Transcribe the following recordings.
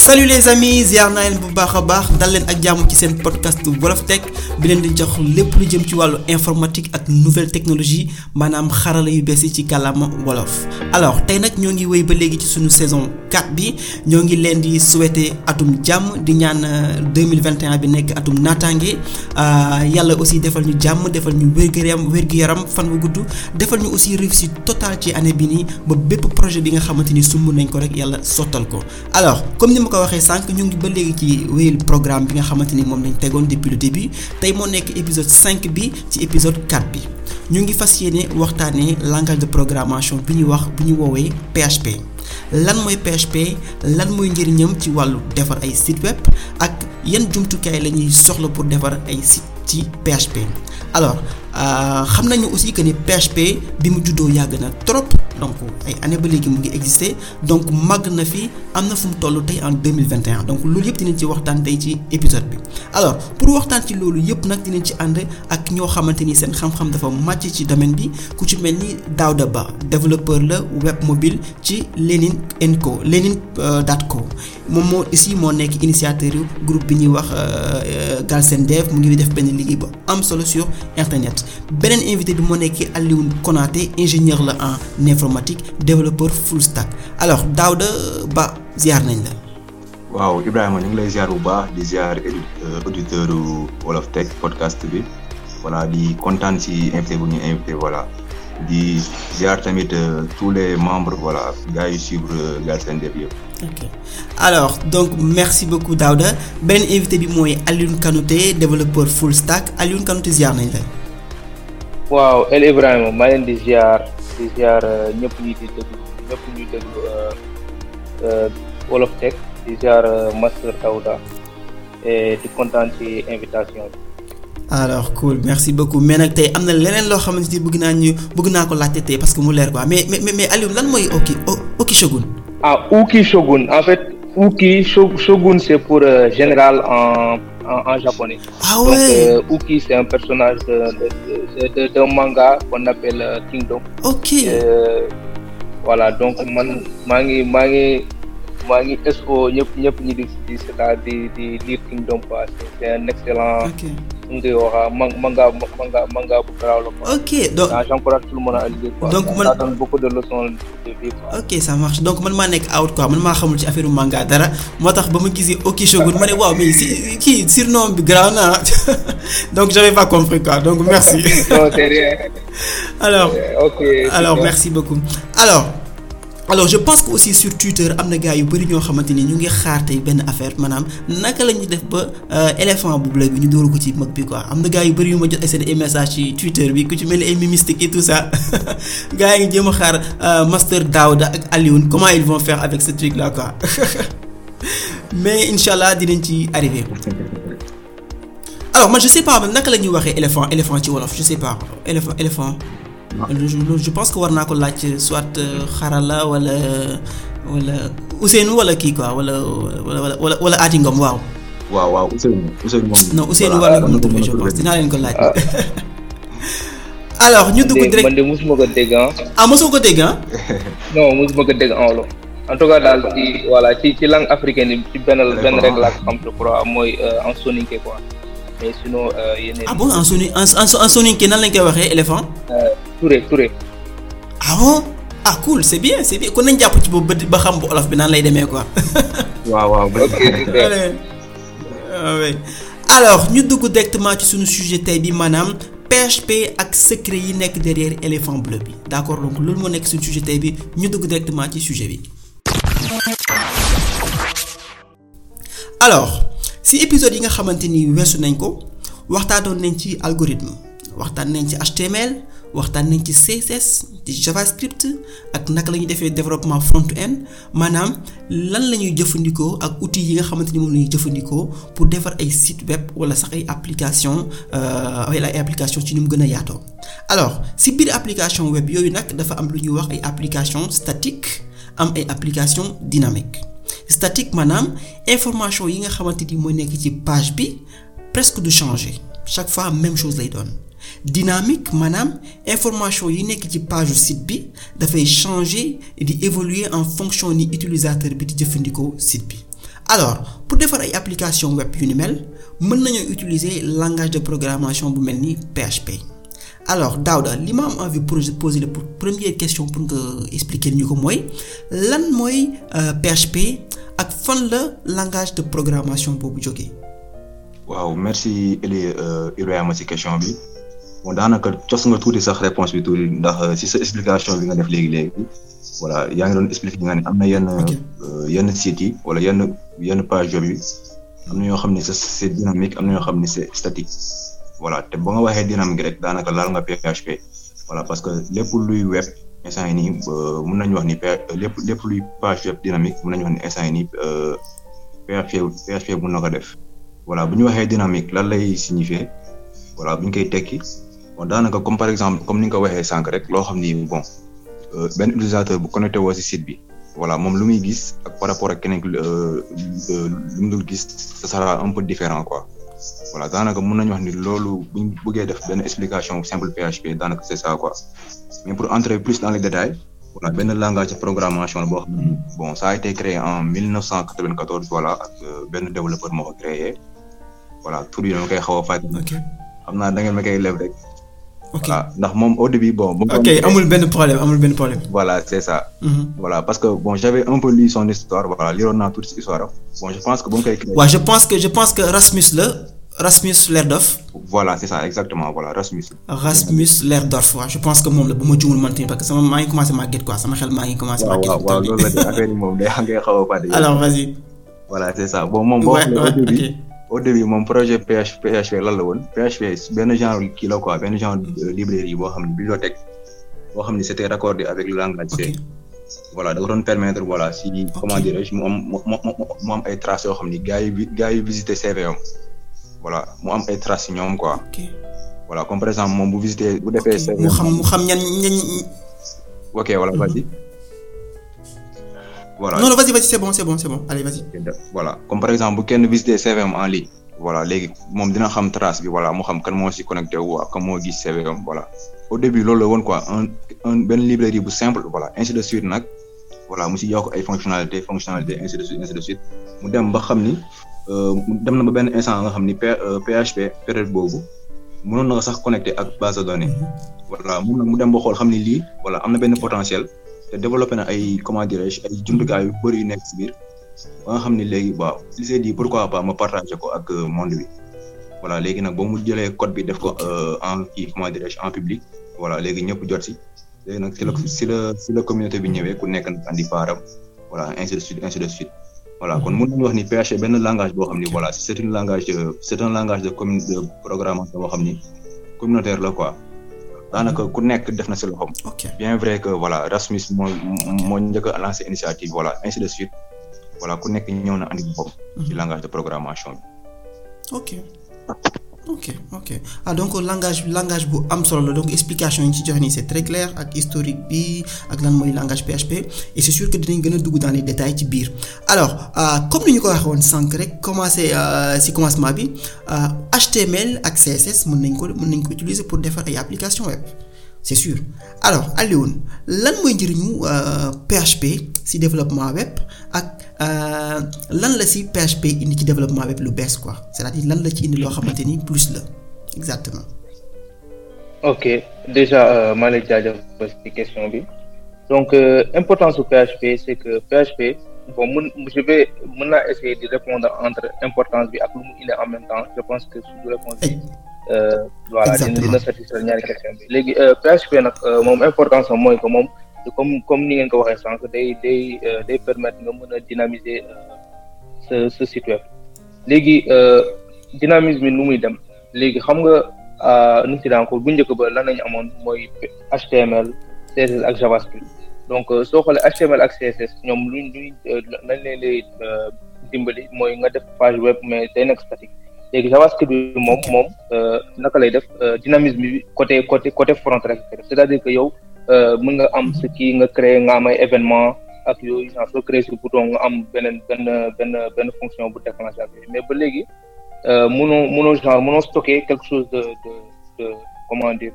salut les amis ziar naa bu baax a baax dal leen ak jàmm ci seen podcast Wolof Tech bi leen di jox lépp lu jëm ci wàllu informatique ak nouvelle technologie maanaam xarala yu bees yi ci kàllaama wolof. alors tey nag ñoo ngi wéy ba léegi ci suñu saison 4 bi ñoo ngi leen di souhaiter atum jàmm di ñaan 2021 euh, bi nekk atum naataange euh, yàlla aussi defal ñu jàmm defal ñu wér-gu-yaram wér-gu-yaram fan wu gudd defal ñu aussi réussite totale ci année bi nii ba bépp projet bi nga xamante ni sumb nañ ko rek yàlla sottal ko ko waxee sànq ñu ngi ba léegi ci wéyal programme bi nga xamante ni moom lañ tegoon depuis le tey moo nekk épisode 5 bi ci épisode 4 bi ñu ngi fas yéene waxtaanee langage de programmation bi ñuy wax bu ñu woowee PHP lan mooy PHP lan mooy njëriñam ci wàllu defar ay site web ak yan jumtukaay la ñuy soxla pour defar ay site ci PHP alors. Euh, xam nañu aussi que ni PHP bi mu juddoo yàgg na trop donc ay année ba léegi mu ngi exister donc màgg na fi am na fu mu toll tey en deux vingt 2021 donc loolu yëpp dinañ ci waxtaan tey ci épisode bi alors pour waxtaan ci loolu yëpp nag dinañ ci ànd ak ñoo xamante ni seen xam-xam dafa màcc ci domaine bi ku ci mel ni Daouda Ba développeur la web mobile ci Lenin and Co Lenin euh, dot co moom moo ici moo nekk initiateur groupe bi ñuy wax euh, Galsen Dev mu ngi def benn liggéey bu am solo sur internet beneen invité bi moo nekk Alioune Konaté ingénieur la en informatique développeur full stack alors Daouda Ba ziar nañ la. waaw Ibrahima ñu lay ziar bu baax di ziar euh, auditeur Wolof Tech podcast bi voilà di kontaan ci invité bu ñu invité voilà di ziar tamit euh, tous les membres voilà gars yi suivre euh, Galsen Dev yëpp. ok alors donc merci beaucoup Daouda invité bi mooy Alioune Kanouté développeur full stack Alioune Kanouté ziar nañ la. waaw El Ibrahima maa leen di jaar di ziar euh, ñëpp ñi di déglu euh, euh, Wolof Tech di ziar Master Daouda et di kontaan ci invitation bi. alors cool merci beaucoup mais nag tey am na leneen loo xamante ni bëgg naa ñu bëgg naa ko laajte tey parce que mu leer quoi mais mais mais Alioune lan mooy Oki Oki Shogun. ah Oki Shogun en fait Oki Shogun c'est pour général en. en, en, japonais. Ah Donc, ouais. euh, Uki, c'est un personnage d'un manga qu'on appelle euh, Kingdom. Ok. Euh, voilà, donc, man, mangi, mangi, mangi, est-ce ngi c'est-à-dire Kingdom, c'est un excellent. Okay. ndi waxa manga manga manga bu garaaw la quoi. ok ah, donc j'encourage tout le monde à lire quoi. donc man ça donne beaucoup de leçons de vie quoi. ok ça marche donc man maa nekk out quoi man maa xamul ci affaire manga dara moo tax ba ma gisee ok Shogun ma ne waaw mais si kii surnom bi garaaw na donc j'avais pas compris quoi donc merci. non c'est rien. alors ok alors merci beaucoup alors. alors je pense que aussi sur Twitter am na gars yu bëri ñoo xamante ni ñu ngi xaar tey benn affaire manaam naka la ñuy def ba euh, éléphant bu bule bi ñu dóoru ko ci mag bi quoi am na gars yu bëri yu ma jot ay seen message ci Twitter bi ku ci mel ni ay mystique et tout ça gars yi ngi jéem a xaar euh, master da ak Alioune comment ils vont faire avec ce truc là quoi mais incha allah dinañ ci arrivé. alors man je sais pas naka la ñuy waxee éléphant éléphant ci wolof je sais pas éléphant éléphant. je pense que war naa ko laaj soit euh, xarala wala euh, wala Ousseynou wala kii quoi wala wala wala wala Aty Ngom waaw. waaw waaw Ousseynou Ousseynou moom. non Ousseynou war na ko mën a trouver ñu dugg direct man de mosuma ko dégg ah. ah mosoo ko dégg ah. non mosuma ko dégg en wolof. daal ci langue africaine yi ci benn benn rek laa ko xam je crois mooy euh, en soninké quoi. mais sinon euh, yeneen. ah bon en en en soninké nan lañ koy waxee éléphant. Euh, Touré Touré. ah bon ah cool c'est bien c'est bien kon nañ jàpp ci boobu ba xam bu olof bi nan lay demee ko waaw waaw ah ñu dugg directement ci suñu sujet tey bi maanaam PHP ak secret yi nekk derrière éléphant bleu bi d'accord donc loolu moo nekk suñu sujet tey bi ñu dugg directement ci sujet bi. alors. si épisode yi nga xamante ni weesu nañ ko waxtaanoon nañ ci algorithme waxtaan nañ ci HTML waxtaan nañ ci CSS ci JavaScript ak naka la ñuy defee développement front-end maanaam lan la ñuy jëfandikoo ak outils yi nga xamante ni moom la jëfandikoo pour defar ay site web wala sax ay application euh, wala ay application ci ni mu gën a yaatoo alors si biir application web yooyu nag dafa am lu ñuy wax ay application statique am ay application dynamique statique maanaam information yi nga xamante ni mooy nekk ci page bi presque du changer chaque fois même chose lay doon dynamique maanaam information yi nekk ci page site bi dafay changer di évoluer en fonction ni utilisateur bi di jëfandikoo site bi alors pour defar ay application web yu ni mel mën nañoo utiliser langage de programmation bu mel ni PHP. alors Daouda li ma am envie pour poser la première question pour nga expliquer ñu ko mooy lan mooy PHP euh, ak fan la langage de programmation boobu jógee. waaw merci Elie euh, Ibrahima ci question bi moo daanaka cos nga tuuti sax réponse bi tuuti ndax si euh, sa explication bi nga def léegi léegi voilà yaa ngi doon expliquer nga ne am na yenn yenn sites yi wala yenn yenn page yooyu am na ñoo xam ne c'est dynamique am na ñoo xam ne c'est statique. voilà te ba nga waxee dynamique rek daanaka laal nga PHP voilà parce que lépp luy web instant yi euh, mun mën nañu wax ni euh, lépp lépp luy page web dynamique mën nañu wax ni instant yi nii euh, PHP PHP mën na ko def voilà bu ñu waxee dynamique lan lay signifier voilà bu ñu koy tekki bon daanaka comme par exemple comme ni nga ko waxee sànq rek loo xam ni bon benn utilisateur bu connecté woo si site bi voilà moom lu muy gis ak par rapport ak keneen lu mu dul gis ça sera un peu différent quoi voilà daanaka mën nañu wax ni loolu bu ñu bëggee def benn explication simple PHP daanaka c'est ça quoi mais pour entrer plus dans les détails voilà benn langage de programmation la boo xam bon ça a été créé en 1994 euh, benn développeur moo créé voilà tur yi dama koy xaw a fàttali. ok xam naa da ngeen ma koy leb rek. ok ndax moom au début bon. ok amul benn problème voilà c'est ça. Mhm. parce que bon j'avais un peu lu son histoire voilà liroon naa histoire bon je pense que bu ñu koy. waaw je Rasmus Lerdorf. voilà c'est ça exactement voilà Rasmus. Rasmus Lerdorf waaw je pense que moom la bu ma juumul man tamit parce que sama maa ngi commencé màgget quoi sama xel maa ngi commencé. màgget waaw waaw loolu la de affaire yi moom day ngay xaw a fàtte. alors vas-y. voilà c'est ça moom. projet PH PHP lan la woon. PHP benn genre kii la quoi benn genre euh, librairie boo xam ne bibliothèque boo xam ne c'était raccordé avec le langage C. voilà da ko doon permettre voilà ay traces yoo xam ni gars yi gars yi visité CV voilà mu am ay traces ñoom quoi. voilà comme par exemple moom bu visité bu defee. seen mu xam mu xam ñan ñan ok wala mhm. vas-y. voilà non non vas-y vas-y c'est bon c'est bon c'est bon allez vas comme par exemple bu kenn visité CVM en ligne. wala léegi moom dina xam trace bi wala mu xam kan moo si connecté wu waaw kan moo gis CVM voilà. au début loolu woon quoi un un benn librairie bu simple voilà ainsi de suite nag voilà mu si yokk ay fonctionnalités fonctionnalités ainsi de suite ainsi dem ba xam ni. Euh, dem na ba benn instant nga xam ni PHP euh, période boobu mënoon na sax connecté ak base de données voilà na mu dem ba xool xam ni lii wala am na benn potentiel te développé na ay comment dirais-je ay jumtukaay yu bëri yu nekk si biir ba nga xam ni léegi waaw il s'est pour pourquoi pas ma partagé ko ak euh, monde bi voilà léegi nag ba mu jëlee code bi def ko en kii comment dirais-je en public voilà léegi ñëpp jot si léegi nag si la si la si la communauté bi ñëwee ku nekk andi paaram voilà ainsi de suite de voilà kon mën nañu wax ni PHP e benn langage boo xam ni voilà c'est langage de c'est un langage de commun boo xam ni communautaire la quoi daanaka ku nekk def na si loxoom. bien vrai que voilà Rasmus moo moo njëkk a initiative voilà ainsi de suite wala ku nekk ñëw na andi boppam. ci mhm. langage de programmation ok. ok ok ah donc langage langage bu am solo la donc explication yi ñu ci joxe nii c'est très clair ak historique bi ak lan mooy langage PHP et c'est sûr que dinañ gën a dugg dans les ci biir alors euh, comme ni ñu ko waxee woon sànq rek commencer ah, ci commencement bi HTML ah, ak CSS mun nañ ko mën nañ ko utiliser pour defar ay applications web c'est sûr alors Alioune lan mooy njëriñu PHP ci développement web ak. Euh, lan la si PHP indi ci développement lu bees quoi c'est-à-dire lan la ci indi loo xamante ni plus la exactement. ok déjà euh, maa lay jaajëfal ci question bi donc euh, importance su PHP c'est que PHP bon mun je vais mën naa essayer di répondre entre importance bi ak lu mu indi en même temps je pense que suñu réponse bi. Eh. Euh, voilà dina dina satisfaire ñaari question bi. léegi PHP nag moom importance am mooy ko moom. comme comme ni ngeen ko waxee sànq day day euh, day permettre nga mën a dynamiser ce euh, ce site web léegi euh, dynamisme nu muy dem léegi xam nga nu mu bu njëkk ba lan lañu amoon mooy HTML CSS ak JavaScript donc soo xoolee HTML ak CSS ñoom luñ luñ lañ leen lay dimbali mooy nga def page web mais day nekk statique léegi JavaScript bi moom moom naka lay def dynamisme bi côté côté côté front rek c'est-à-dire que yow. Euh, mën nga am sa kii nga créer nga am ay événement ak yooyu genre soo créer si bouton nga am beneen benn benn benn fonction bu déclenché ak yooyu mais ba léegi euh, mënoo mënoo genre mënoo stocké quelque chose de de de comment dire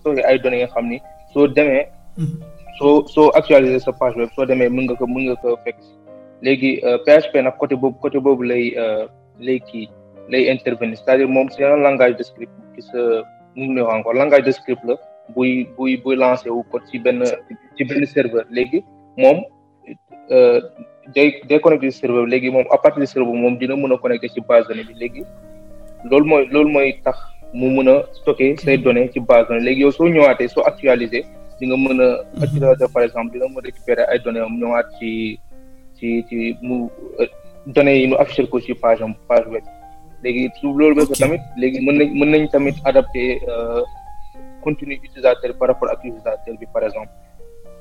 stocké ay données nga xam ni soo demee mm-hmm. soo soo actualiser sa page web demee mën nga ko mën nga ko fekk léegi euh, PHP na côté boobu côté boobu lay lay kii lay intervenir c'est-à-dire moom c'est un langage de script qui se nu mu encore langage de script la buy buy buy lancé wu code ci benn ci benn serveur léegi moom euh, day day connecté serveur bi léegi moom à partir de serveur moom dina mën a connecté ci base données bi léegi loolu mooy loolu mooy tax mu mun a stocké say données ci base données léegi yow soo ñëwaatee soo actualisé di nga mën a utilisateur par exemple dina mën a récupérer ay données am ñëwaat ci ci ci mu euh, données yi mu affiché ko ci page am page web léegi loolu boo ko tamit léegi mën nañ nañ tamit adapté euh, contenu utilisateur par rapport ak utilisateur bi par exemple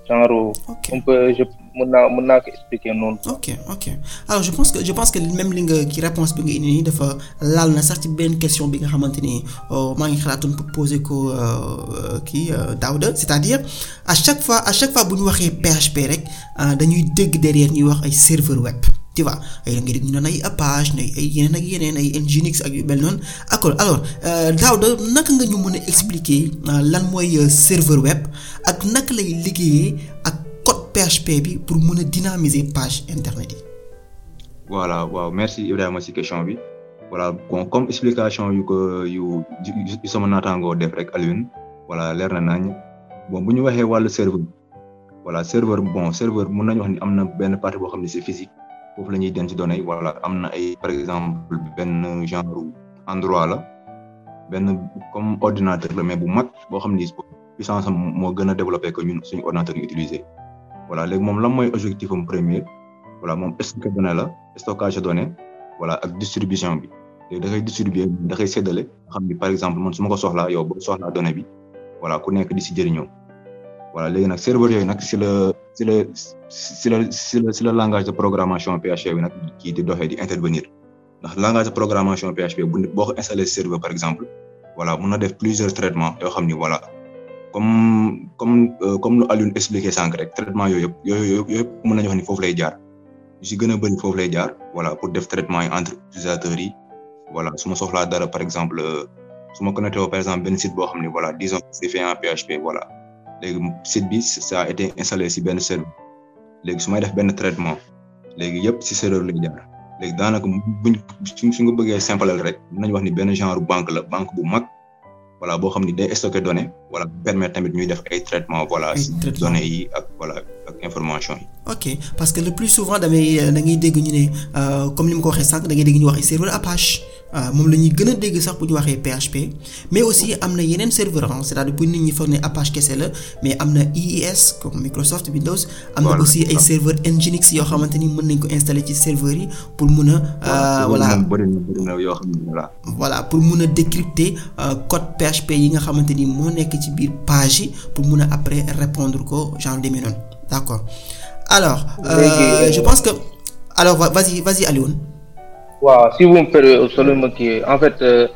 genre. ok on peut je mën naa mën naa ko expliquer noonu. ok ok alors je pense que je pense que même li nga ci réponse bi nga indi nii dafa laal na sax ci benn question bi nga xamante ni euh, maa ngi xalaatoon pour poser ko euh, euh, kii Daouda c'est-à-dire à chaque fois à chaque fois bu ñu waxee PHP rek dañuy dégg derrière ñuy wax ay serveur web. tu vois ay la nga dégg ñu naan ay Apache ne yeneen ak yeneen ak yu mel noonu accord alors euh, Daouda naka nga ñu mën a expliquer euh, lan mooy euh, serveur web ak naka lay liggéeyee ak code PHP bi pour mën a dynamiser page internet yi. voilà waaw merci Ibrahima ci question bi voilà bon comme explication yu ko yu yu sama naataangoo def rek Alioune wala leer na nañ bon bu ñu waxee wàllu serveur voilà serveur bon serveur mën nañu wax ni am na benn partie boo xam ne c'est physique. foofu la ñuy denc données yi wala am na ay par exemple benn genre endroit la benn comme ordinateur la mais bu mag boo xam ni puissance am moo gën a développé que ñun suñu ordinateur ñu utilisé voilà léegi moom lan mooy objectif am premier voilà moom stockage données la stockage données voilà ak distribution bi léegi da koy distribuer da séddale xam ni par exemple man su ma ko soxlaa yow boo soxlaa donnée bi voilà ku nekk di si jëriñoo voilà léegi nag serveur yooyu nag si la si la si la si si la langage de programmation PHP bi nag kii di doxee di intervenir ndax langage de programmation PHP bu boo ko installé serveur par exemple voilà mun na def plusieurs traitements yoo xam ni wala comme comme euh, comme lu Alioune expliqué sànq rek traitement yooyu yëpp yooyu yëpp mën nañu wax ni foofu lay jaar yu si gën a bëri foofu lay jaar voilà pour def traitement yi entre utilisateurs yi wala suma ma soxlaa dara par exemple euh, su ma connecté par exemple benn site boo xam ni voilà disons c'est fait en léegi site bi sa a été installé si benn serveur léegi sumay def benn traitement léegi yëpp si serveur lay jaar léegi daanaka buñ si suñ ko bëggee simple rek mën nañu wax ni benn genre banque la banque bu mag voilà boo xam ni day stocké données voilà permettre tamit ñuy def ay traitement voilà si données yi ak voilà ak information yi ok parce que le plus souvent damay euh, da dégg ñu ne euh, comme ni ma ko waxee sànq da dégg ñu waxee serveur Apache euh, moom la ñuy a dégg sax bu ñu waxee PHP mais aussi am na yeneen serveur ah c'est-à-dire bu nit ñi foog ne Apache kese la mais am na IIS e comme Microsoft Windows am na aussi ay serveur Nginx yoo xamante mën nañ ko installer ci serveur yi pour a ci biir page yi pour mun après répondre ko genre demi d'accord alors. Euh, euh, je pense que alors vas-y vas-y Alioune. waaw si vous me permettez euh, en fait euh,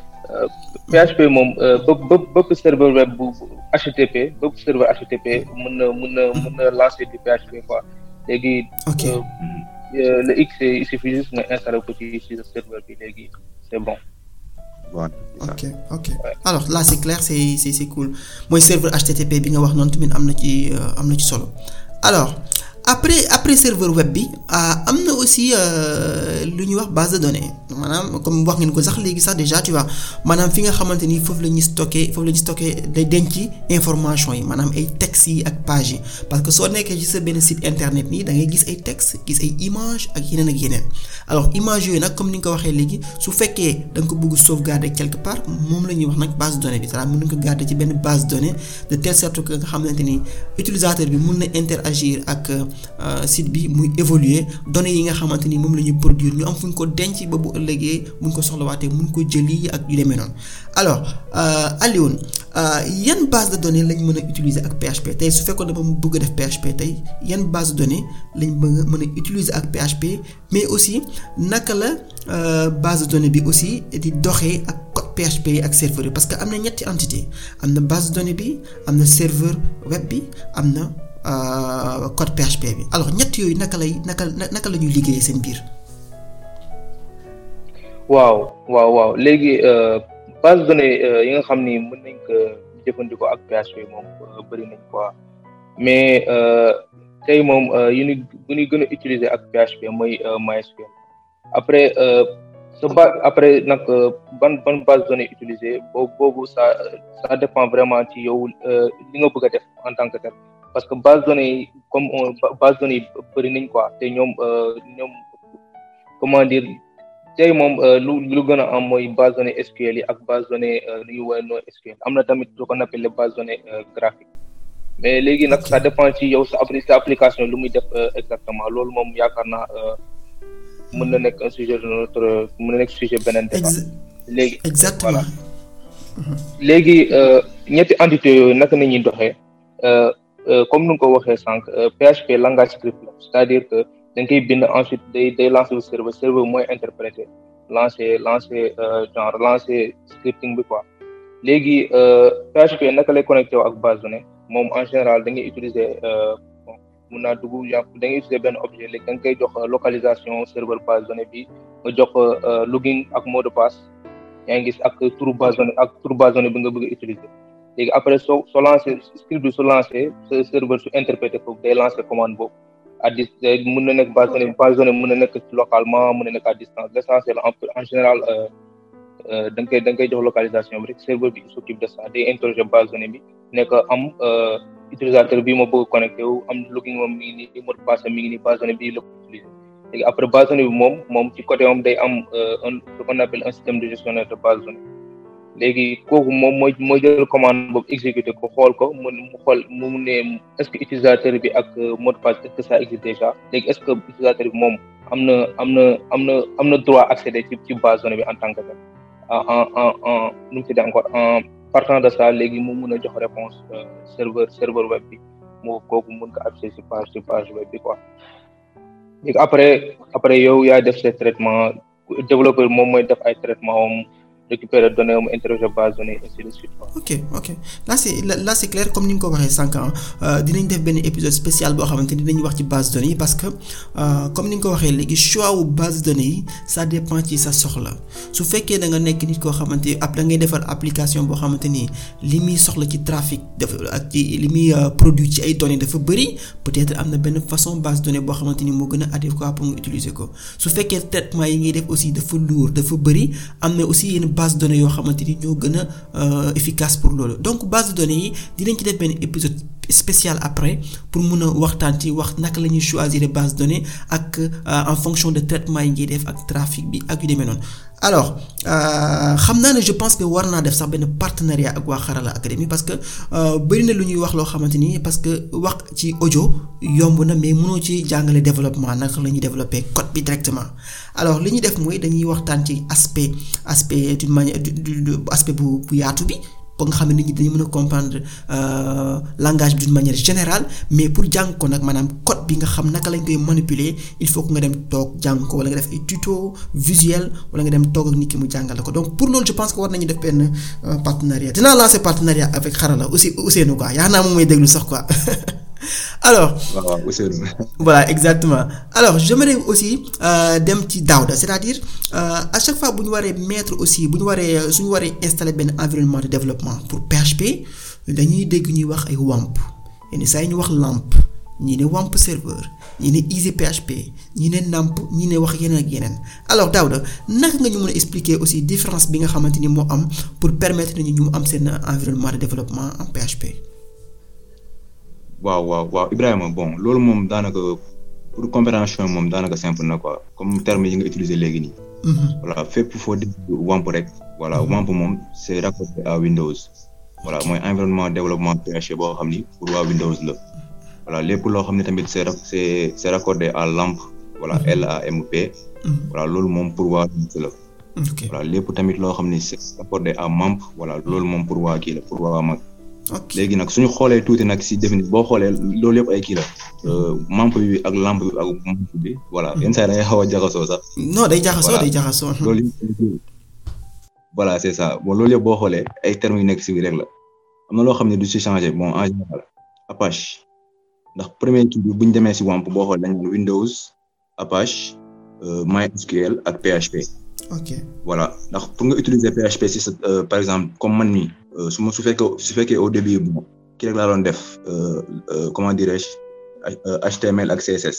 PHP euh, moom bépp bépp bépp serveur web bu HTTP bépp serveur HTTP mën na mën na mën na lancer du PHP quoi léegi. ok euh, le X il suffit juste nga ci serveur bi léegi c'est bon. voilà. ok ok alors là c'est clair c'est si c'est cool mooy serveur HTTP bi nga wax noonu tamit am na ci euh, am na ci solo alors. après après serveur web bi ah, am na aussi euh, lu ñu wax base de données maanaam comme wax ngeen ko sax léegi sax déjà tu vois maanaam fi nga xamante ni foofu la ñuy stocké foofu la ñuy stocké day denc information yi maanaam ay textes yi ak pages yi parce que soo nekkee ci sa benn site internet nii dangay gis ay textes gis ay images ak yeneen ak yeneen alors images yooyu nag comme ni nga ko waxee léegi su fekkee da nga ko bëgg sauvegarder quelque part moom la ñuy wax nag base de données bi c'est-à-dire mën ci benn base de données de nga xamante ni utilisateur bi mën na interagir ak. Euh, Euh, site bi muy évoluer données yi nga xamante ni moom la ñuy produire ñu am fu ñu ko denc ba bu ëllëgee bu ñu soxla soxlawaatee mun ko jëli ak yu demee noonu alors euh, Alioune euh, yan base de données lañ mën a utiliser ak PHP tey su fekkoon dama bëgg a def PHP tey yan base de données lañ bëgg mën a utiliser ak PHP mais aussi naka la base de données bi aussi di doxee ak code PHP yi ak serveur yi parce que am na ñetti entité am na base de données bi am na serveur web bi am na. Euh, code PHP bi alors ñett yooyu naka lay naka la ñuy liggéeyee seen biir. waaw waaw waaw léegi euh, base de données euh, yi nga xam ni mën nañ ko jëfandikoo ak PHP moom bëri nañ quoi mais tey moom yu ñu bu gën a utiliser ak PHP mooy MySQL après sa ba après nag ban ban base de utiliser boobu boobu ça ça dépend vraiment ci yow li nga bëgg a def en tant que tel. parce que base données yi comme base données yi bëri nañ quoi te ñoom euh, ñoom comment dire tey moom euh, lu lu gën a am mooy base données SQL yi ak base données lu ñuy woowee SQL am na tamit lu ko appelé base données euh, graphique mais léegi nag ça dépend ci yow sa sa application lu muy def exactement loolu moom yaakaar naa mën na nekk un sujet de notre mën nekk sujet beneen débat léegi exactement mhm. léegi ñetti entité yooyu naka nañuy doxee Euh, comme nu nga ko waxee sànq PHP euh, langage script la c'est-à-dire que da nga koy bind ensuite day day lancer le serveur serveur mooy interpréter lancer lancer euh, genre lancer scripting bi quoi léegi PHP naka le connecté wu ak base données moom en général da ngay utiliser bon mun naa dugg yàpp da ngay utiliser benn objet léegi koy jox localisation serveur base donnée bi nga jox login ak mot de passe yaa ngi gis ak turu ak turu bi nga bëgg utiliser léegi après soo soo lancé script bi su lancé sa day lancé commande boobu à dis mën na nekk base zone base zone mën na nekk localement mën na nekk à distance l' en général euh, euh, da nga koy da nga koy jox localisation bi rek serveur bi il s'occupe de ça day interroger base bi nekk am euh, utilisateur bi ma bëgg connecté wu am login moom mi ngi nii bi la après base bi moom moom ci côté moom day am un ce qu'on de gestionnaire de base léegi kooku moom mooy mooy jël commande boobu exécuté ko xool ko mu mu xool mu ne est-ce que utilisateur bi ak euh, mot de passe est-ce que ça que utilisateur bi moom am na am na am na am na droit accéder ci ci base zone bi en tant que tel en en en nu mu tuddee encore en partant de ça léegi mu mun a jox réponse euh, serveur serveur web bi moo kooku mun ko accéder ci page ci page web bi quoi après après yow yaa def ses traitements développeur moom mooy def ay traitement récupérer données mu interroger comme ni nga ko waxee sànq euh, dinañ def benn épisode spécial boo xamante ni dinañ wax ci base données yi parce que euh, comme ni nga ko waxee léegi choix wu base données yi ça dépend ci sa soxla su fekkee da nga nekk nit koo xamante ab da ngay defar application boo xamante ni li muy soxla ci trafic dafa ak ci li muy euh, produit ci ay données dafa bëri peut-être am na benn façon base données boo xamante ni moo gën a adéquat pour nga utiliser ko su fekkee traitement yi ngay def aussi dafa lourd dafa bëri am na aussi yenn base donne yoo xamante ni ñoo gën a euh, efficace pour loolu donc base de données yi dinañ ci def benn épisode spécial après pour mun a waxtaan ci wax naka la ñuy choisir base donnée ak euh, en fonction de traitement yi ngiy def ak trafic bi ak yu demee noonu alors euh, xam naa ne je pense que war naa def sax benn partenariat ak waa Xarala Academy parce que euh, bëri na lu ñuy wax loo xamante ni parce que wax ci ojo yomb na mais mënoo ci jàngale développement nag la ñuy développer code bi directement alors li ñu def mooy dañuy waxtaan ci aspect aspect d'une manière du bu bu yaatu bi ba nga xam ne nit ñi dañu mën a comprendre euh, langage d'une manière général mais pour jàng ko nag maanaam code bi nga xam naka lañ koy manipuler il faut que nga dem toog jàng ko wala nga def ay tuto visuel wala nga dem toog ak nit ki mu jàngale ko donc pour loolu je pense que war nañu def benn euh, partenariat dinaa lancer partenariat avec Xarala aussi Ousseynou quoi yaa naa moom may déglu sax quoi. alors voilà exactement alors j'aimerais aussi euh, dem ci daaw da c'est-à-dire euh, à chaque fois bu ñu waree mettre aussi bu ñu waree suñu waree installer benn environnement de développement pour PHP dañuy dégg ñuy wax ay WAMP yenn saa yi ñu wax LAMP ñii ne WAMP serveur ñii ne easy PHP ñii ne NAMP ñii ne wax yeneen ak yeneen alors Daouda naka nga ñu mën a expliquer aussi différence bi nga xamante ni moo am pour permettre nañu ñu mu am seen environnement de développement en PHP waaw waaw waaw Ibrahima bon loolu moom daanaka pour compréhension moom daanaka simple na quoi comme terme yi nga utiliser léegi nii. Mm-hmm. voilà fépp foo dégg WAMP rek. voilà mm-hmm. WAMP moom c'est raccordé à Windows. voilà mooy environnement développement PHP boo xam ni pour waa Windows la. voilà lépp loo xam ne tamit c'est c'est c'est raccordé à LAMP. voilà mm-hmm. L A loolu moom pour waa Linux la. voilà tamit loo xam ni c'est raccordé à MAMP. voilà loolu moom pour waa kii la pour waa Mac. léegi nag suñu xoolee tuuti nag si défini boo xoolee loolu yëpp ay kii la mamp euh, ak lamp bi ak mamp bi voilà hmm. yenn saa xaw a jaxasoo sax. non day jaxasoo day jaxasoo. loolu voilà c'est ça bon loolu yëpp boo xoolee ay termes yu nekk si biir rek la am na loo xam ne du si changé bon en général Apache ndax premier kii bi bu ñu demee si WAMP boo xoolee dañu Windows Apache euh, MySQL ak PHP. ok voilà ndax pour nga utiliser PHP si sa euh, par exemple comme man mii. Euh, su ma su fekkee su fekkee au début bon kii rek laa doon def euh, euh, comment dirais-je HTML ak CSS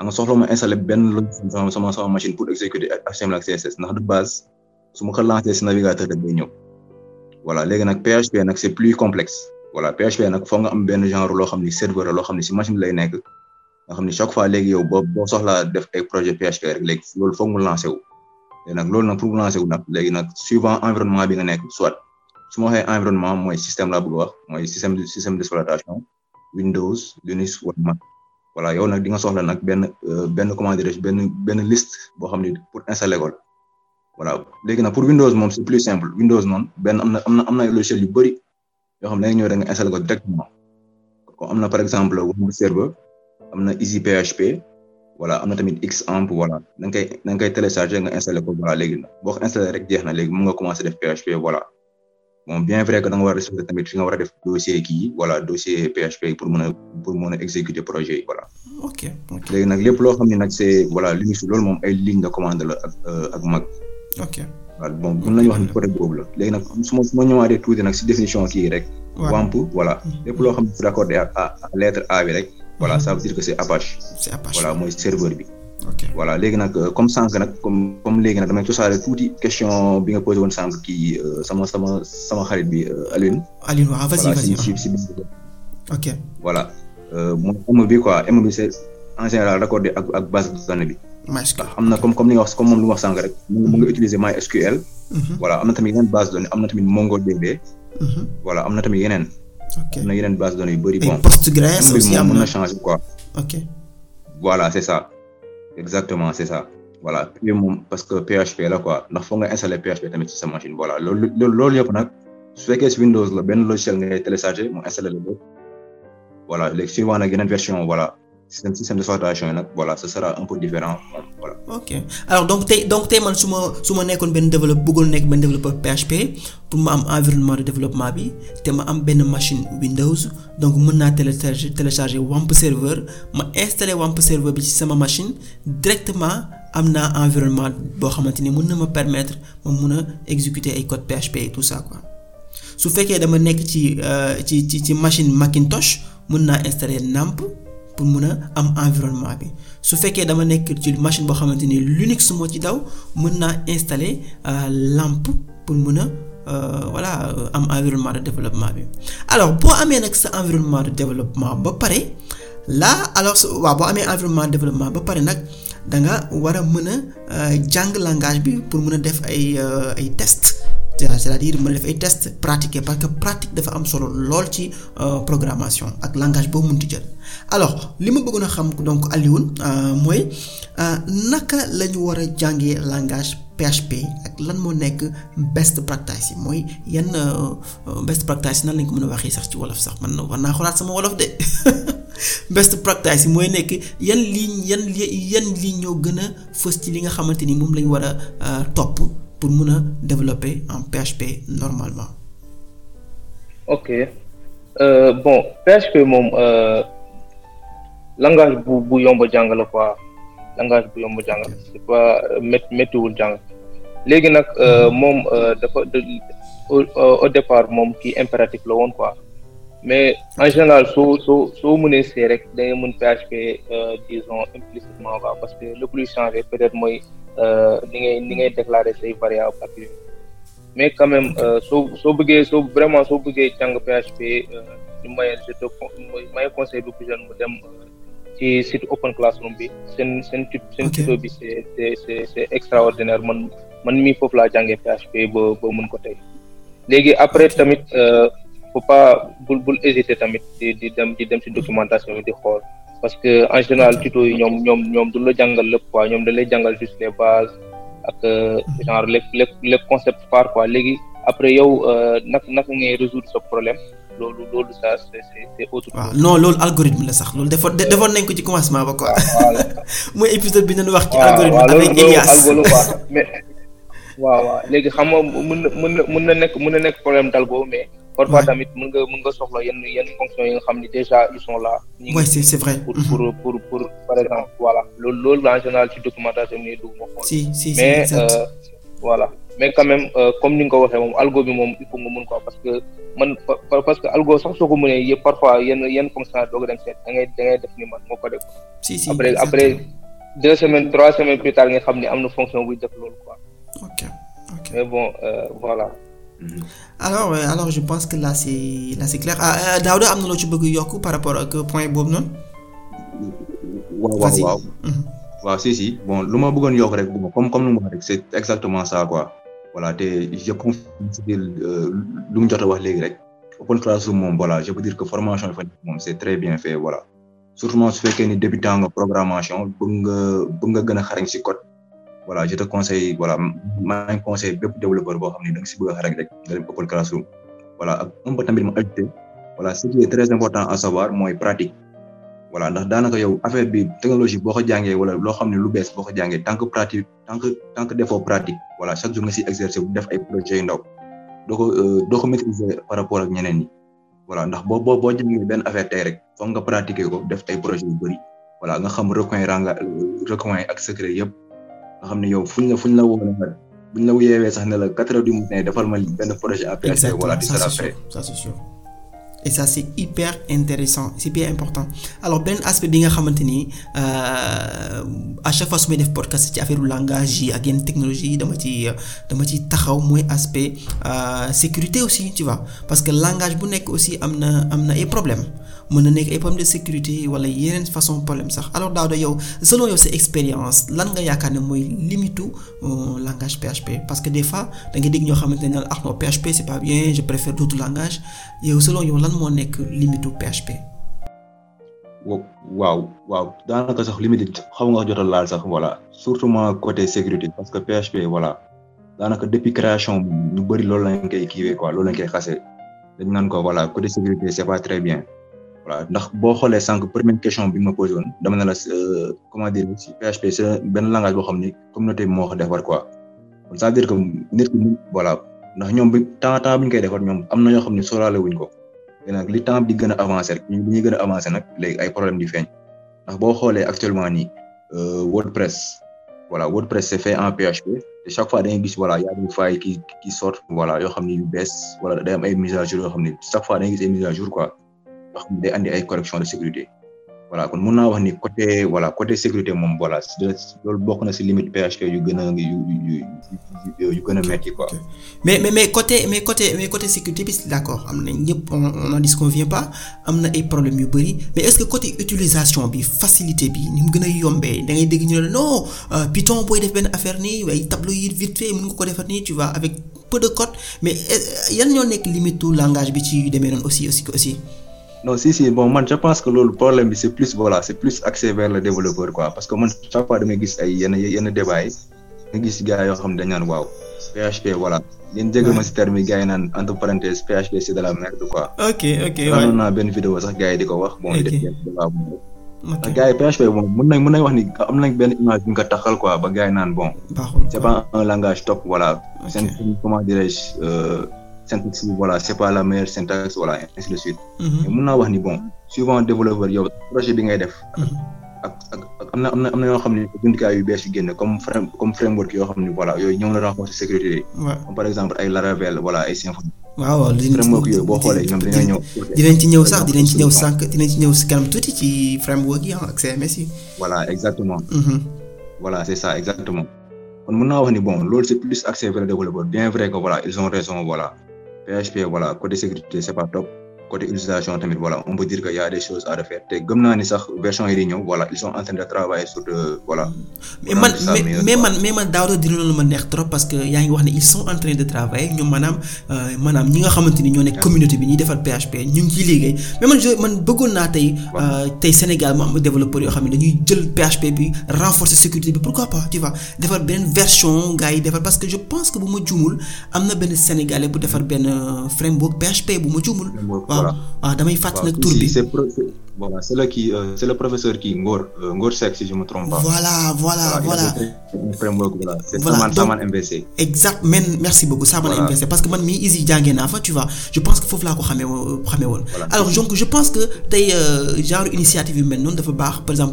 nga soxla ma installé ben logiciel sama sama machine pour exécuter HTML ak CSS ndax de base su ma ko lancé si navigateur rek day ñëw voilà léegi nag PHP nag c'est plus complexe voilà PHP nag foog nga am benn genre loo xam ni serveur loo xam ni si machine lay nekk nga xam ni chaque fois léegi yow boo boo soxlaa def ay projet PHP rek léegi lool foog mu lancé wu léegi nag loolu nag pour mu lancé wu nag léegi nag suivant environnement bi nga nekk soit. su ma waxee environnement mooy système laa bëgg wax mooy système de système d'exploitation Windows Linux wala Mac voilà nag di nga soxla nag benn euh, benn comment dirais benn benn liste boo xam ne pour installer ko voilà léegi nag pour Windows moom c'est plus simple Windows noonu benn am na am na am na ay logiciels yu bëri yoo xam ne da nga ñëw da nga installer ko directement comme am par exemple Windows Server am na Easy PHP voilà am na tamit Xampp voilà da nga koy da nga nga installer ko voilà léegi nag boo ko rek jeex na léegi mën nga commencer def bon bien vrai que da nga tamit fi nga war a def dossier kii voilà dossier PHP pour mën exécuter projet yi voilà. ok ok léegi loo xam ne nag c'est voilà Linux loolu moom ay ligne de commande la ak euh, ak Mac. ok waaw bon mën nañu wax ni boobu la léegi nag su ma su ma ñëwaatee tuuti nag si définition kii rek. WAMP voilà lépp loo xam ne c'est raccordé à à lettre A bi rek. voilà mhm. ça veut dire que c'est Apache. c'est Apache serveur bi. ok voilà léegi nag euh, comme sànq nag comme comme léegi nag damay tosaare tuuti question bi nga posé woon sànq kii euh, sama sama xarit bi euh, Alioune. Alioune waaw vas-y vas-y si si M bi quoi M bi c'est en général raccordé ak ak base de données bi. MySQL am comme comme li nga wax comme moom lu ma wax sànq rek. mu ngi mhm. am na tamit yeneen base de mhm. am na tamit yeneen. ok am na yeneen base yu bëri bon. Postgres aussi am na mën na changer quoi. ok c'est ça. exactement c'est ça voilà P parce que PHP la quoi ndax foog nga installer PHP tamit ci sa machine voilà loolu loolu yëpp nag su fekkee si Windows la benn logiciel ngay télécharger mu installer la voilà léegi suivant nag yeneen version voilà seen système de facturation yi nag voilà ce sera un peu différent voilà. ok alors donc tey donc tey man su ma su ma nekkoon benn développeur bëggoon nekk benn développeur PHP pour ma am environnement de bi te ma am benn machine Windows donc mën naa télécharger télécharger WAMP serveur ma installer WAMP serveur bi ci sama machine directement am naa environnement boo xamante ni mën na ma permettre ma mun a exécuter ay code PHP et tout su fekkee dama nekk ci euh, ci ci ci machine Macintosh mën naa installer NAMP. pour mun a am environnement bi su fekkee dama nekk ci machine boo xamante ni Linux moo ci daw mën naa installer euh, LAMP pour mun a euh, voilà am environnement de développement bi alors boo amee nag sa environnement de développement ba pare là alors waaw boo amee environnement de développement ba pare nag da nga war a mën a euh, jàng langage bi pour mën a def ay ay test c'est-à-dire mën def ay test pratiquer parce que pratique dafa am solo lool ci euh, programmation ak langage boo mun ti jël alors li ma bëggoon a xam donc Alioune euh, mooy euh, naka la ñu war a jàngee langage PHP ak lan moo nekk best practice yi mooy yan best practice nan lañ ko mën a waxee sax ci wolof sax man war naa xoolaat sama wolof de best practice mooy nekk yan lii yan yan lii ñoo gën a fës ci li nga xamante ni moom lañ war a topp. pour mun a développer en PHP normalement. ok euh, bon PHP moom euh, langage bu bu yomb a jàng la quoi langage bu yomb a jàng c'est pas euh, méttiwul jàng léegi nag euh, mhm. moom dafa au départ moom kii impératique la woon quoi. mais en général soo soo soo mënee see rek da ngay mën PHP euh, disons implicitement quoi parce que le plus changé peut-être mooy euh, ni ngay ni ngay déclarer say variables ak yooyu mais quand même euh, soo soo bëggee vraiment soo bëggee jàng PHP ñu may je te may conseil bu plus jeune mu dem ci site Open Classroom bi seen seen seen tuto bi c'est c'est c'est extraordinaire man man mii foofu laa jàngee PHP bo ba mën ko tey après tamit. faut pas bul bul hésiter tamit di di dem di dem ci documentation bi di xool parce que en général tuto yi ñoom ñoom ñoom du la jàngal lépp quoi ñoom da lay jàngal juste les bases ak euh, genre les les par quoi léegi après yow naka euh, naka ngay résoudre sa problème loolu loolu sa c'est c'est autre waaw non loolu algorithme la sax loolu defoon defoon nañ ko ci commencement ba quoi. Ah, mooy épisode bi ñu wax ci ah, algorithme avec Elias léegi xam nga mën na mën na mën na nekk mën na nekk problème dal boobu parfois tamit mën nga mën nga soxla yenn yenn fonctions yi nga xam ni déjà ils sont là. oui c'est c'est vrai. pour pour mm-hmm. pour pour par exemple voilà loolu loolu en général ci documentation bi dugg ma xool. si si si mais euh, voilà mais quand même euh, comme ni nga ko waxee moom algo bi moom il faut nga mën ko parce que man parce que algo sax soo ko mënee yëpp parfois yenn yenn fonctions doo ko dem seet da ngay da ngay def ni man moo ko def. si si après après deux semaines trois semaines plus tard nga xam ni am na fonction buy def loolu quoi. ok ok mais bon euh, voilà. Mm-hmm. alors euh, alors je pense que là si là c'est clair ah euh, Daouda am na loo ci bëgg yokk par rapport ak point boobu noonu. waaw waaw mm-hmm. waaw waaw si si bon lu ma bëggoon yokk rek comme comme lu mu wax exactement ça quoi voilà te euh, lu mu jot a wax léegi rek Open Classroom moom voilà je peux dire que formation bi fa moom c'est très bien fait voilà surtout su fekkee ni débutant programmation bëgg nga bëgg nga gën a xarañ si code. voilà je te conseille voilà maa ngi conseil bépp développeur boo xam ne da nga si bëgg a xarañ rek nga dem Open Classroom voilà très important à savoir mooy pratique voilà ndax daanaka yow affaire bi technologie boo ko jàngee wala loo xam ne lu bees boo ko jàngee tant que pratique tant que tant que defoo pratique wala chaque jour nga si exercer bu def ay projets yu ndaw doo ko euh, doo ko par rapport ak ñeneen ñi voilà ndax boo boo boo jàngee benn affaire tey rek foog nga pratiquer ko def ay projets yu bëri voilà nga xam recoin ranga recoin ak secret yëpp. xam ne yow fu la fuñ la woo buñ la yeewee sax ne la quatre heures du matin defal ma benn projet APS. exactement voilà tu seras prêt ça et ça c'est hyper intéressant c'est bien important alors benn aspect bi nga xamante ni euh, à chaque fois su may def podcast ci affaire langage yi ak yenn technologie yi dama ci dama ci taxaw mooy aspect euh, sécurité aussi tu vois parce que langage bu nekk aussi am na am na ay problèmes. mën na nekk ay problème de sécurité wala yeneen façon problème sax alors Daouda yow selon yow sa expérience lan nga yaakaar ne mooy limitu euh, langage PHP parce que des fois da nga dégg ñoo xamante ne ah non PHP c'est pas bien je préfère d'autres langages yow selon yow lan moo nekk limitu PHP. waaw waaw daanaka sax limite xaw nga jotal laal sax wala surtout ma côté sécurité parce que PHP voilà daanaka depuis création ñu bëri loolu lañ koy kiiwee quoi loolu lañ koy dañ naan ko voilà côté sécurité c'est pas bien. voilà ndax boo xoolee sànq première question bi ma posé woon dama ne la euh, comment dire si PHP c'est benn langage boo xam ni communauté bi moo ko defar quoi c'est-à-dire que ndax ñoom bi temps temps bi ñu koy defar ñoom am na ñoo xam ne sóoraale wuñ ko nag li temps bi di gën a avancé rek ñu ñuy gën a nag léegi ay problème di feeñ ndax bo xoolee actuellement nii euh, WordPress voilà WordPress c'est fait en PHP te yoo xam ni yu bees wala day am ay mises à jour xam ne chaque fois dañuy gis ay mises ndax day ay correction de sécurité mun naa wax ni côté voilà côté sécurité moom voilà loolu bokk na ci limite PHP yu gën a yu yu yu yu gën a metti quoi. mais mais mais côté mais côté mais côté sécurité bi d'accord am na ñëpp on on n'en disconvient pas am na ay problèmes yu bari mais est-ce que côté utilisation bi facilité bi ñu mu gën a yombee da ngay dégg ñu ne non euh, Python booy def benn affaire nii waaye tableau yi vite fait mën nga ko defar nii tu avec peu de code mais euh, yan ñoo nekk limite tout langage bi ci yu demee noonu aussi aussi aussi. non si si bon man je pense que loolu problème bi c'est plus voilà c'est plus axé vers le développeur parce que man chaque fois damay gis ay yenn yenn débat yi gis gars xam ne dañu naan PHP voilà ngeen jégal ma si terme yi naan entre PHP c'est de la merde quoi. ok ok waaw naa benn vidéo sax gars yi wax. bon def yenn débat bu ok gars wax ni am nañ benn image bu taxal quoi ba gars naan bon. c'est un langage top voilà. seen comment dirais-je. Euh, syntaxe bi voilà c'est pas la meilleure syntaxe voilà ainsi de suite. Mhm. mais mun naa wax ni bon souvent développeur yow projet bi ngay def. Mhm. ak ak ak am am na am xam ne bindukaay yu bees comme framework yoo xam ne voilà yooyu ñoom la renforcer sécurité comme par exemple framework yooyu boo xoolee ñoom ci ñëw sax dinañ ci ñëw kanam tuuti ci framework yi ah, ak CMS yi. exactement. Mhm. voilà c'est ça exactement. kon mun naa wax ni bon loolu c'est plus axé vers le développeur bien vrai que voilà ils ont PHP voilà côté sécurité c'est pas top côté utilisation tamit voilà on peut dire que y a des choses à refaire te gëm naa ni sax version yi di ñëw voilà ils sont en train de travailler sur de euh, voilà. mais man mais man mais man Daouda dina loolu ma neex trop parce que yaa ngi wax ne ils sont en de travailler ñoom maanaam euh, maanaam ñi nga xamante ñoo nekk communauté bi ñuy defar PHP ñu ngi ciy mais man je man bëggoon naa tey. Euh, tey Sénégal mu am yoo xam ne dañuy jël PHP bi renforcer bu ma juumul am na benn voilà ah, ah damay fàttali nag tur bi Voilà, c'est là qui, euh, c'est le professeur qui, Ngor, euh, Ngor Sec, si je ne me trompe pas. Voilà, voilà, voilà. voilà. voilà. C'est voilà. Saman, Saman Exact, men, merci beaucoup, Saman voilà. Parce que man, mi, easy, djangena, tu vois, je pense qu'il faut que je le euh, voilà. Alors, donc, je pense que, t'es, euh, genre, initiative humaine, nous, devons bar, par mm-hmm.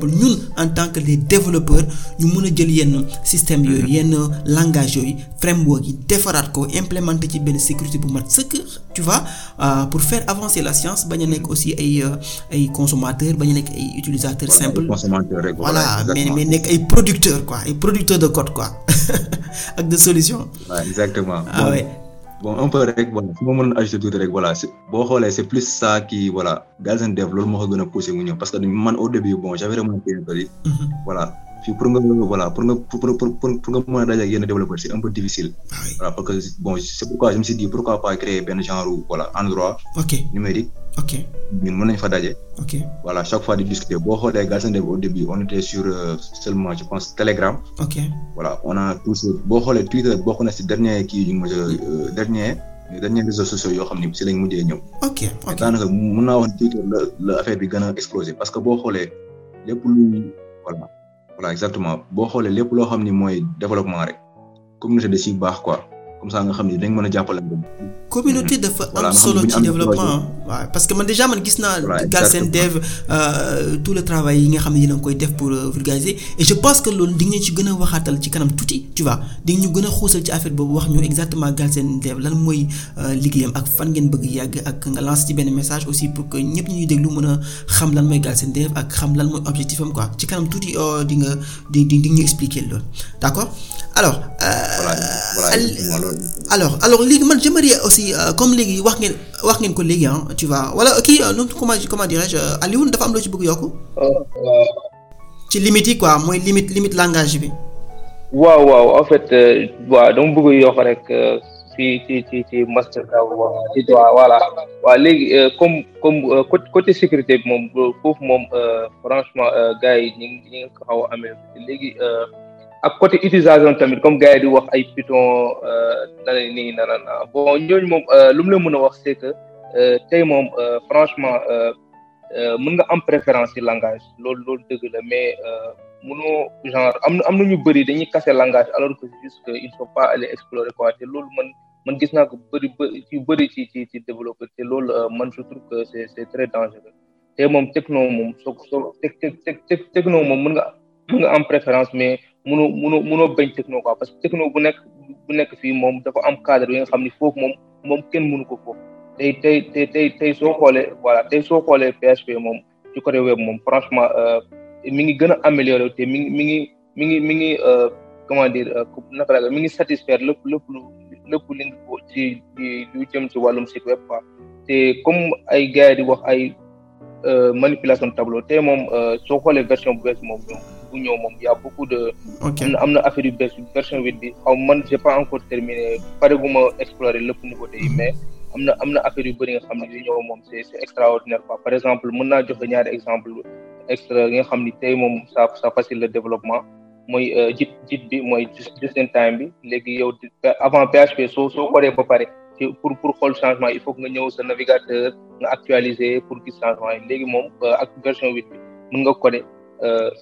ko, implémenter, qui, ben, sécurité pour mat, ce que, tu vois, euh, pour faire avancer la science, ben, y en a aussi, et, euh, consommateur ba nekk ay utilisateur simple voilà mais mais nekk ay producteur quoi ay producteur de code quoi ak de solution exactement ah bon un peu rek voilà su ma mënoon ajouter tuuti rek voilà boo xoolee c'est plus ça qui voilà Galsen Dev loolu moo ko gën a poussé mu ñëw parce que man au début bon j'avais remonté yi mhm. voilà fii pour nga voilà a daje yenn développeurs c'est un peu difficile. Ah voilà parce que bon c'est pourquoi je me suis pourquoi pas créer benn genre voilà ok ñun mën nañ fa daje. ok voilà chaque fois di discuter boo xoolee Galsen Dev au début on était sur euh, seulement je pense Telegram. ok voilà on a tous boo xoolee Twitter bokk na si dernier kii yu mujj euh, dernier. derniers réseaux sociaux yoo xam ni si lañ mujjee ñëw. ok ok daanaka mën naa wax Twitter la la affaire bi gën a explosé parce que boo xoolee lépp lu voilà voilà exactement boo xoolee lépp loo xam ni mooy développement rek communauté de si baax quoi. comme ça nga xam ni dañ communauté dafa am solo ci développement parce que man déjà man gis naa. Galsen Dev euh, tout le travail yi nga xam ne yéen a koy def pour euh, vulgariser et je pense que loolu di nga ci gën a waxaatal ci kanam tuuti tu vois ñu gën a xuusal ci affaire boobu wax ñu exactement Galsen Dev lan mooy euh, liggéeyam ak fan ngeen bëgg yàgg ak nga lancer ci benn message aussi pour que ñëpp ñuy déglu mën a xam lan mooy Galsen Dev ak xam lan mooy objectif am quoi ci kanam tuuti di nga di di nga ñu expliquer alors alors léegi man j'aimerais aussi euh, comme léegi wax ngeen wax ngeen ko léegi ah tu vois wala kii euh, nu comment comment dirais-je euh, Alioune dafa am loo ci bëgg yokku ci limite yi quoi mooy limite limite langage bi. waaw waaw en fait waaw dama bëgg yokk rek ci ci ci ci master ci waaw voilà waaw léegi comme comme côté sécurité bi moom foofu moom franchement gars yi ñu ngi ñu xaw amee léegi. ak côté utilisation tamit comme gars yi di wax ay Python euh, na nii na na bon ñooñu moom euh, lu mu la mën a wax c'est que euh, tey moom franchement mën nga am préférence ci langage loolu loolu dëgg la mais mënoo genre am na am na ñu bëri dañuy kase langage alors que juste que ils sont pas allés explorer quoi te loolu man man gis naa ko bëri ci bëri ci ci ci développeur te loolu man je trouve que c'est très dangereux te moom techno moom soo soo tec tec moom mën nga nga am préférence mais. mënoo mënoo mënoo bañ techno quoi parce que techno bu nekk bu nekk fii moom dafa am cadre yi nga xam ni foofu moom moom kenn mënu ko foofu tey tey tey tey soo xoolee voilà tey soo xoolee PHP moom ci côté web moom franchement euh, mi ngi gën a amélioré te mi ngi mi ngi mi ngi mi ngi euh, comment dire euh, naka la mi ngi satisfaire lépp lépp lu lépp li nga ko ci lu jëm ci wàllum site web quoi te comme ay gars yi di wax ay manipulation tableau te moom soo xoolee version bu bees moom bu ñëw moom y' a beaucoup de. ok am na am yu bees version bi man j'ai pas encore terminé pare gu ma explorer lépp niveau yi mm-hmm. mais am na am na affaire yu bëri xam ne yu ñëw moom c' est c' est extraordinaire quoi par exemple mën naa joxe ñaar exemple extra nga xam ni te moom ça ça facile le développement. mooy jit euh, jit bi mooy just in time bi léegi yow avant PHP soo soo koree mm-hmm. ba pare pour pour xool changement il faut que nga ñëw sa navigateur nga actualiser pour gis changement yi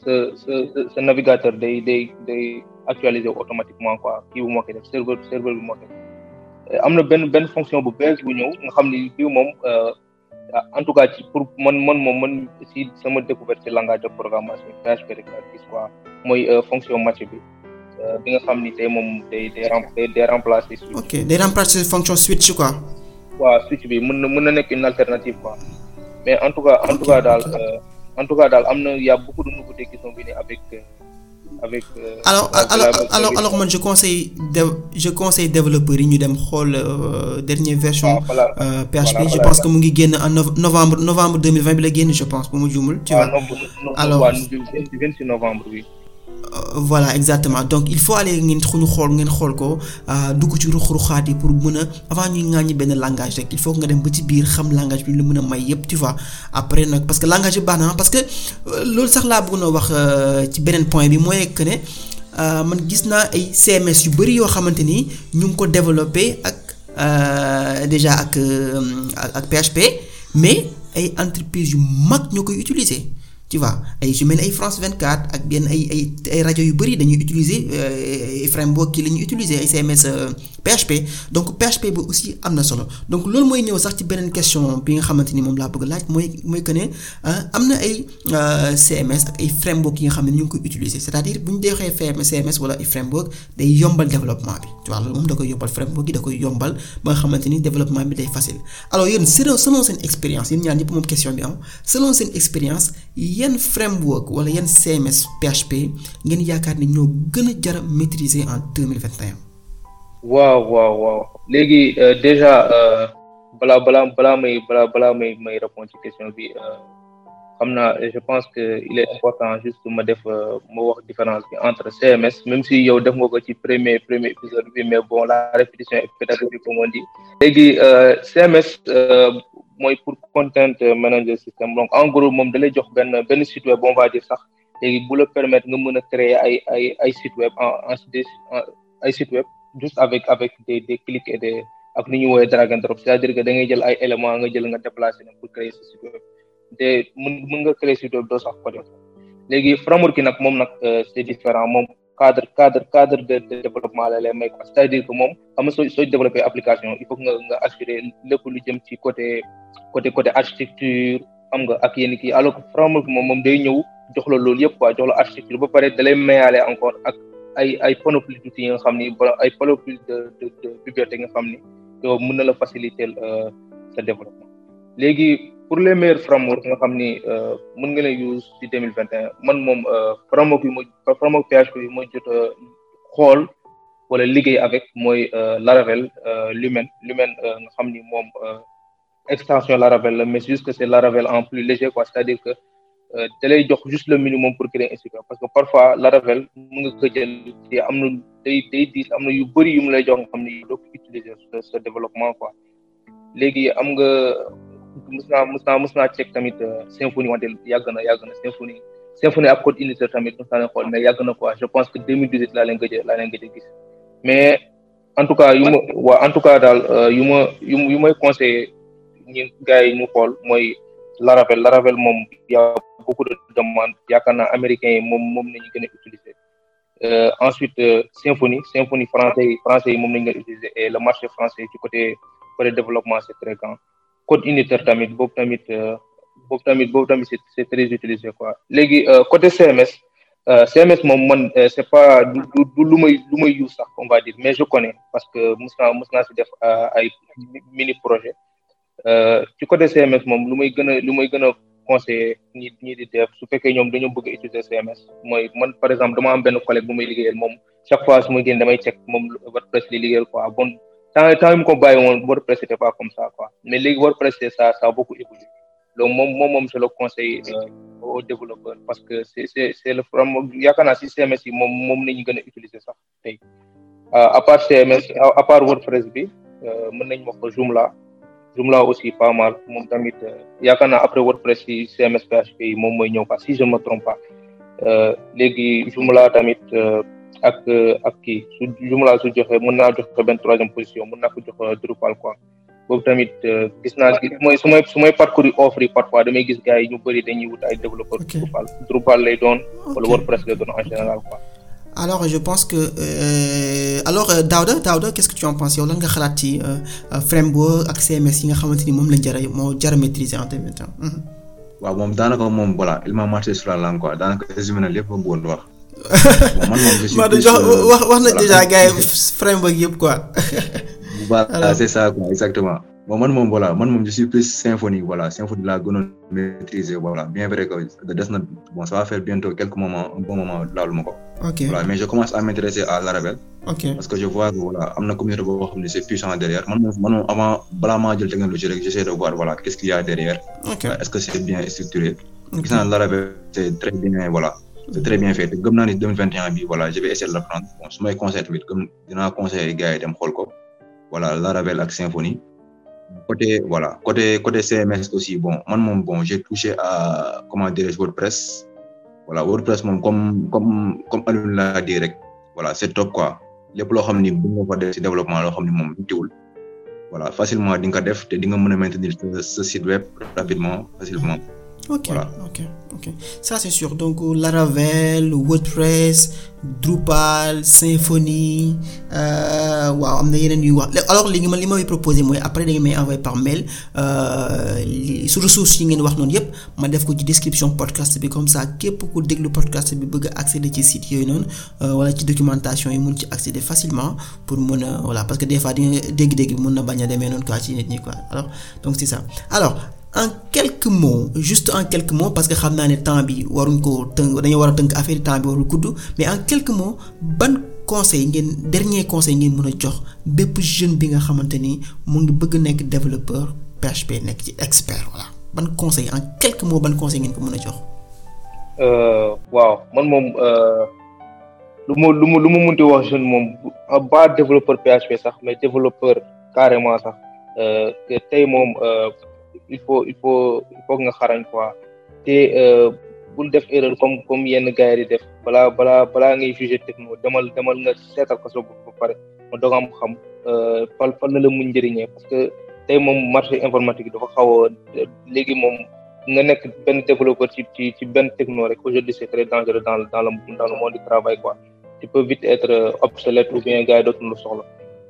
sa sa sa navigateur day day day actualiser automatiquement quoi kii bu moo koy def serveur serveur bi moo koy def am na benn benn fonction bu bees bu ñëw nga xam ni bii moom euh, en tout cas ci pour man man moom man si sama découverte langage de programmation PHP rek laa gis quoi mooy euh, fonction match bi euh, bi nga xam ni tey moom day day day day remplacer. ok day remplacer fonction switch quoi. waaw switch bi mën na mën na nekk une alternative quoi mais en tout cas en en tout cas daal am na y' a beaucoup de nouveautés qui sont venues avec. Euh, avec euh, alors alors alors alors man je conseille de je conseille développeurs yi ñu dem xool euh, dernière version. PHP ah, je pense que mu ngi génn en novembre novembre 2020 bi la génn je pense bu ma jumul tu ah, vois alors 26 novembre bi. Euh, voilà exactement donc il faut aller ngeen xuñu xool ngeen xool ko euh, dugg ci ruq-ruqaat yi pour mën a avant ñuy ñi benn langage rek il faut nga dem ba ci biir xam langage bi lu mën a may yëpp tu vois après nag parce que langage bi baax na que euh, loolu sax laa a wax ci beneen point bi mooy que ne man gis naa ay CMS yu bari yoo xamante ni ñu ngi ko développé ak déjà ak ak PHP mais ay entreprises yu mag ñoo koy utiliser. tu vois ay su mel ni ay France 24 ak yenn ay ay ay yu bëri dañuy utiliser euh, framework yi la ñuy utiliser ay CMS PHP euh, donc PHP bi aussi am na solo donc loolu mooy ñëw sax ci beneen question bi nga xamante ni moom laa bëgg laaj mooy mooy que ne euh, yi nga xam ne ñu ngi koy utiliser c'est-à-dire bu ñu defee CMS wala ay framework bi day facile alors yéen selon selon seen expérience yéen ñaar ñëpp moom question bi am selon seen expérience. yan framework wala yan CMS PHP ngeen yaakaar ne ñoo gën a jar a maîtriser en waaw waaw waaw léegi euh, déjà euh, balaa bala balaa may bala bala may may ci question bi euh, xam na je pense que il est important juste ma def ma wax différence bi entre CMS même si yow def nga ko ci premier premier épisode bi mais bon la répétition pédagogique comme on léegi CMS. mooy pour content manager system donc en gros moom dalay jox benn benn site web on va dire sax léegi bu la nga mën a créer ay ay web en ay site web juste avec avec des des et des ak nu ñuy woowee drag and drop c'est-à-dire que da ngay jël ay éléments nga jël nga déplacer na pour créer sa site web te mën mën nga créer site web doo sax ko def léegi framework yi nag moom nag euh, différent moom cadre cadre cadre de développement la lay may quoi c'est-à-dire que moom xam nga soo soo application il faut que nga assurer lépp jëm ci côté côté côté architecture xam nga ak yenn kii alors que moom moom day ñëw jox la loolu yëpp quoi jox la architecture ba pare da lay mayaale encore ak ay ay panoplie d'outils nga xam ni ay panoplie de de nga xam ni yow mun na la faciliter euh, sa développement léegi. pour les meilleurs framework nga xam ni euh, mën nga leen use ci deux mille vingt un man moom euh, framework yu ma framework PHP yu ma xool wala liggéey avec mooy euh, Laravel Lumen Lumen nga xam ni moom extension Laravel la mais juste que c'est Laravel en plus léger quoi c'est-à-dire que da lay jox juste le minimum pour créer institut parce que parfois Laravel mën nga ko te am na day day diis am na yu bëri yu mu lay jox nga xam ni doo utiliser sa développement quoi léegi am nga mus naa mus naa mus naa ceeg tamit euh, symphonie wante yàgg na yàgg na symphonie symphonie ak code unitaire tamit mus naa leen xool mais yàgg na je pense que 2018 laa leen gëj laa leen gëj gis mais en tout cas yu ma waa en tout cas daal euh, yu ma yu yu may conseillé ñun gars yi ñu xool mooy Laravel Laravel moom y'a beaucoup de demande yaakaar naa américains yi moom moom nañu gën a utiliser euh, ensuite symphonie symphonie français yi français yi moom nañu gën a utiliser et le marché français du côté côté développement c'est code unitaire tamit boobu tamit euh, boobu tamit boobu tamit c'est très utilisé quoi léegi euh, côté CMS euh, CMS moom man c'est pas du du lu may lu may use sax on va dire mais je connais parce que mos naa mos naa si def ay mini projet ci côté CMS moom lu may gën a lu may gën a conseiller ñi ñi di def su fekkee ñoom dañoo bëgg a utiliser CMS mooy man par exemple dama am benn collègue bu may chaque fois su ma génn damay check moom WordPress li liggéeyal quoi bon temps temps ko bàyyi woon WordPress c'était comme ça quoi mais léegi WordPress ça ça a beaucoup évolué donc moom moom moom c'est le conseil parce que c'est c'est c'est le problème yaakaar naa si CMS yi moom moom la ñu gën a utiliser sax tey euh, à part CMS à part WordPress bi euh, mën nañ wax aussi pas mal moom tamit euh, yaakaar naa après WordPress yi CMS PHP yi moom mooy ñëw quoi si je ne me trompe pas tamit. ak euh, ak kii su jumla su joxe mën naa joxe benn troisième position mën naa ko jox euh, Drupal quoi boobu tamit euh, gis naa mooy su may su may parcourir offre yi parfois damay gis gars yi ñu bëri dañuy wut ay développeur Drupal Drupal lay doon wala WordPress lay doon en général quoi alors je pense que euh, alors Daouda Daouda qu'est-ce que tu en penses yow nga xalaat ci framework ak CMS yi nga xamante ni moom la jara moo jara maîtriser en même temps waaw moom daanaka moom voilà il m'a marché sur la langue bon man moom je suis. plus euh, wax na déjà gars yi framework yëpp quoi. voilà c'est ça quoi exactement. bon man moom voilà man moom je suis plus symphonie voilà symphonie laa gënoon maîtriser voilà bien vrai que des na bon ça va faire bientôt quelques un bon moment laalu ma ok voilà mais je commence à m'intéresser à l'arabelle. parce que je vois que am na communauté boo xam ne c'est puissant derrière man moom avant balaa maa jël technologie rek j'essaie de voir voilà quest c'est très bien fait te gëm naa ni 2021 bi voilà je vais essayer de l'apprendre bon su may conseil tamit gëm dinaa conseiller gars yi dem xool ak Symfony côté voilà côté côté CMS aussi bon man moom bon j'ai touché à comment dirais-je WordPress voilà WordPress moom comme comme comme Alioune l'a dit rek voilà c'est top quoi lépp loo xam ni bu développement loo xam ni moom tiwul voilà facilement di nga ko def te di nga mën a maintenir ce site web rapidement facilement ok voilà. ok ok ça c'est sûr donc euh, Laravel WordPress Drupal Symfony euh, waaw am na yeneen yuy wax alors li ma li ma proposé mooy après da ngeen may envoyé par mail euh, li su ressources yi ngeen wax noonu yépp ma def ko ci description podcast bi comme ça képp ku déglu podcast bi bëgg a accéder ci site yooyu noonu wala ci documentation yi mun ci accéder facilement pour mën a voilà parce que des fois di nga dégg-dégg bi mun na bañ a demee noonu quoi ci nit ñi quoi alors donc c'est ça alors. en quelques mots juste en quelques mots parce que xam naa ni temps bi waruñ ko tënk dañoo war a tënk affaire temps bi warul gudd mais en quelques mots ban conseil ngeen dernier conseil ngeen mën a jox bépp jeune bi nga xamante ni mu ngi bëgg nekk développeur PHP nekk ci expert voilà ban conseil en quelques mots ban conseil ngeen ko mën a jox. Euh, waaw man moom euh, lu ma lu ma lu ma mënti wax jeune moom ba développeur PHP sax mais développeur carrément sax euh, tey moom. il faut il faut il faut nga xarañ quoi te euh, bul def erreur comme comme yenn gars yi def balaa balaa balaa ngay jugé techno demal demal nga seetal ko ba pare doog am xam fal fal na la mun njëriñee parce que tey moom marché informatique dafa xaw a léegi moom nga nekk benn développeur ci ci ci benn techno rek aujourd'hui c'est très dangereux dans dans le dans le monde du travail quoi tu peux vite être obsolète ou bien gars yi dootuñu la soxla.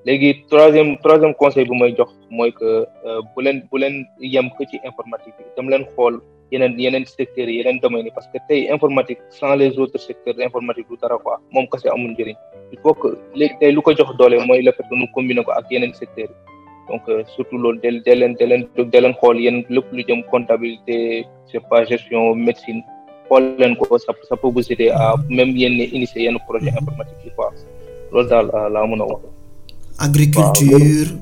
léegi troisième troisième conseil bu may jox mooy que euh, bu leen bu leen yem ko ci informatique bi dam leen xool yeneen yeneen secteurs yi yeneen domaines parce que tey informatique sans les autres secteurs informatique du tara quoi moom kese amul njëriñ il faut que lu ko jox doole mooy le fait que nu combiner ko ak yeneen secteurs yi donc euh, surtout loolu del del leen del leen xool yéen lépp lu jëm comptabilité je sais pas gestion médecine xool leen ko ça ça peut vous aider à même yéen initier yenn projet informatique yi loolu daal laa mën a agriculture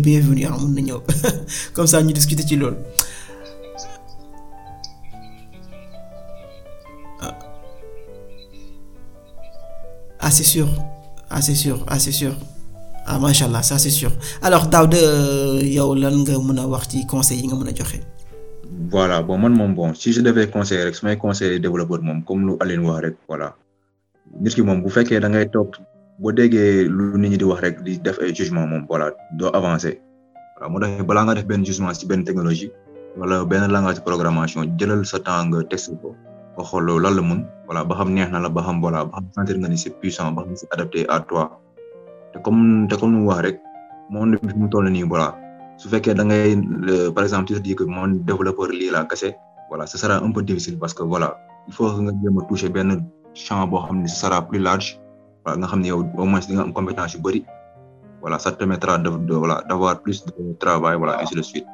bienvenu ah mun na ñëw comme ça ñu discuter ci loolu ah. ah c'est sûr ah c'est sûr ah c'est sûr ah macha allah ça c'est sûr alors Daouda euh, yow lan nga mun a wax ci conseils yi nga mën a joxe. voilà bon man moom bon si je devais conseiller rek su may conseiller développeur moom comme lu Aline wax rek voilà nit moom bu fekkee da ngay boo déggee lu nit ñi di wax rek di def ay jugement moom voilà doo avancer voilà moo balaa nga def benn jugement ci benn technologie wala benn langage programmation jëlal sa temps nga testé ko nga xool lan la mun voilà ba xam neex na la ba xam voilà ba xam sentir nga ni c'est puissant ba xam c'est adapté à toi te comme te comme nu wax rek monde bi mu toll nii voilà su fekkee da ngay par exemple tu te dis que mon développeur lii la kese voilà ce sera un peu difficile parce que wala il faut nga jéem a toucher benn champ boo xam ne ce sera voilà nga xam ne yow au moins di nga am compétence yu bëri voilà ça te plus de travail voilà ainsi de suite.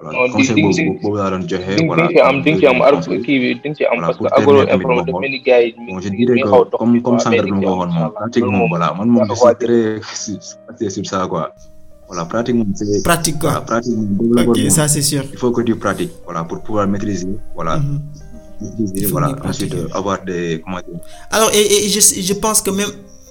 voilà conseil laa doon joxe. voilà di nga kii di nga ci am parce que agro informel dafa comme comme sànqal bi ma ko waxoon moom pratique moom voilà man moom je suis très axé sur ça quoi. voilà pratique moom c'est il faut que tu pratiques voilà pour pouvoir maîtriser voilà. Mm-hmm. Voilà, ensuite, okay. avoir des. Comment dire... Alors, et, et je, je pense que même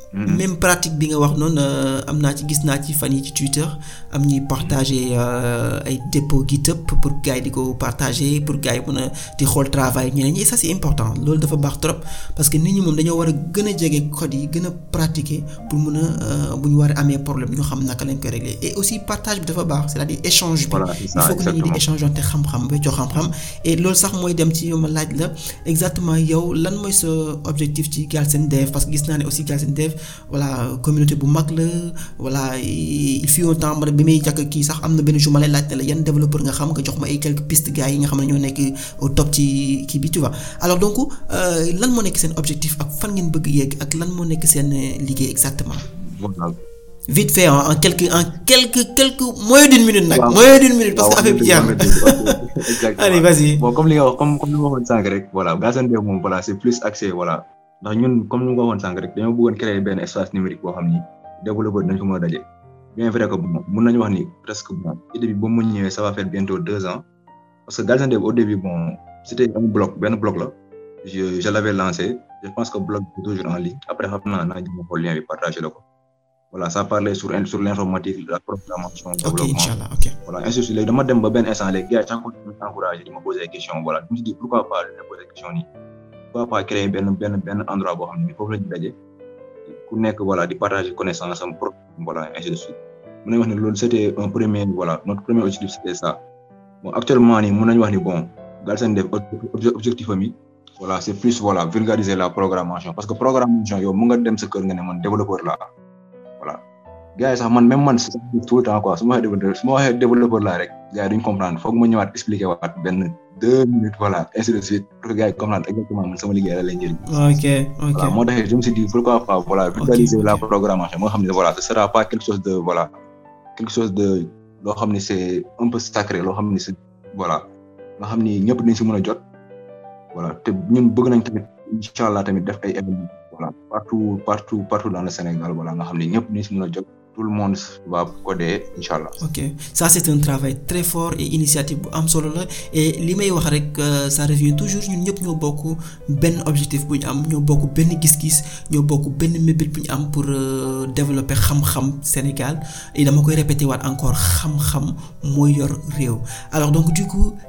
Mm-hmm. même pratique bi nga wax noonu euh, am naa ci gis naa ci fan yi ci Twitter am ñuy partager euh, ay dépôt GitHub pour gars yi di ko partager pour gars yi mën a di xool travail ñeneen ñi ça important loolu dafa baax trop parce que nit ñi moom dañoo war a gën a jege code yi gën a pratiquer pour mën a euh, bu ñu war a amee problème ñu xam naka lañ koy régler et aussi partage bi dafa baax c'est-à-dire échange bi il faut di échange wante xam-xam weccoo xam-xam et loolu sax mooy dem ci ma laaj la exactement yow lan mooy sa objectif ci Galsen Dev parce que gis naa ne aussi Galsen Dev voilà communauté bu mag la voilà il fut un temps bi may jàkk kii sax am na benn jour lay laaj la yan développeur nga xam nga jox ma ay quelques pistes gars yi nga xam ne ñoo nekk au top ci kii bi tu alors donc euh, lan moo nekk seen objectif ak fan ngeen bëgg yegg ak lan moo nekk seen liggéey exactement. vite fait en quelque en quelque quelque moins d'une minute nag. waaw d'une minute parce affaire bi jeex na. exactement allez vas comme li nga wax comme comme ndax ñun comme ni ma ko waxoon sànq rek dañoo bëggoon créer benn espace numérique boo ni développeur dañ ko a daje bien vrai que bon mun nañu wax ni presque bon idée ba mu ñëwee ça va deux ans parce que Galsen Dev au bon c'était un benn blog la je je l'avais je pense que blog toujours en ligne après xam naa naa jëm ko lien bi partagé la sur l'informatique la programmation développement ok voilà ainsi dama dem ba benn instant léegi gars yi chaque pourquoi pas créer benn benn benn endroit boo xam ne foofu la ñu daje ku nekk voilà di partager connaissance am propre voilà ainsi de suite nañu wax ne loolu c'était un premier voilà notre premier objectif c'était ça bon actuellement nii bon Galsen Dev objectif am c'est plus voilà vulgariser la programmation parce que programmation yow mu nga dem ne man développeur la voilà gars yi sax man même man tout le temps quoi su la rek gars yi duñ comprendre foog ma ñëwaat expliquer waat benn. deux minutes voilà ainsi de suite pour que gars yi comprendre man sama liggéey la lay ok ok voilà moo tax je me suis dit pourquoi pas voilà la programmation moo xam ne voilà ce sera pas quelque chose de voilà quelque chose de loo xam ne c'est un peu sacré loo xam ne c'est voilà loo xam ni ñëpp dañ si mën a jot voilà te ñun bëgg nañ tamit incha allah tamit def ay événements voilà partout partout partout dans le Sénégal voilà nga xam ne ñëpp dañ si a jot. tout le monde va coder incha allah. ok ça c'est un travail très fort et initiative bu am solo la et li may wax rek euh, ça revient toujours ñun ñëpp ñoo bokk benn objectif bu ñu am ñoo bokk benn gis-gis ñoo bokk benn mébét bu ñu am pour euh, développer xam-xam Sénégal et dama koy répéter waat encore xam-xam mooy yor réew alors donc du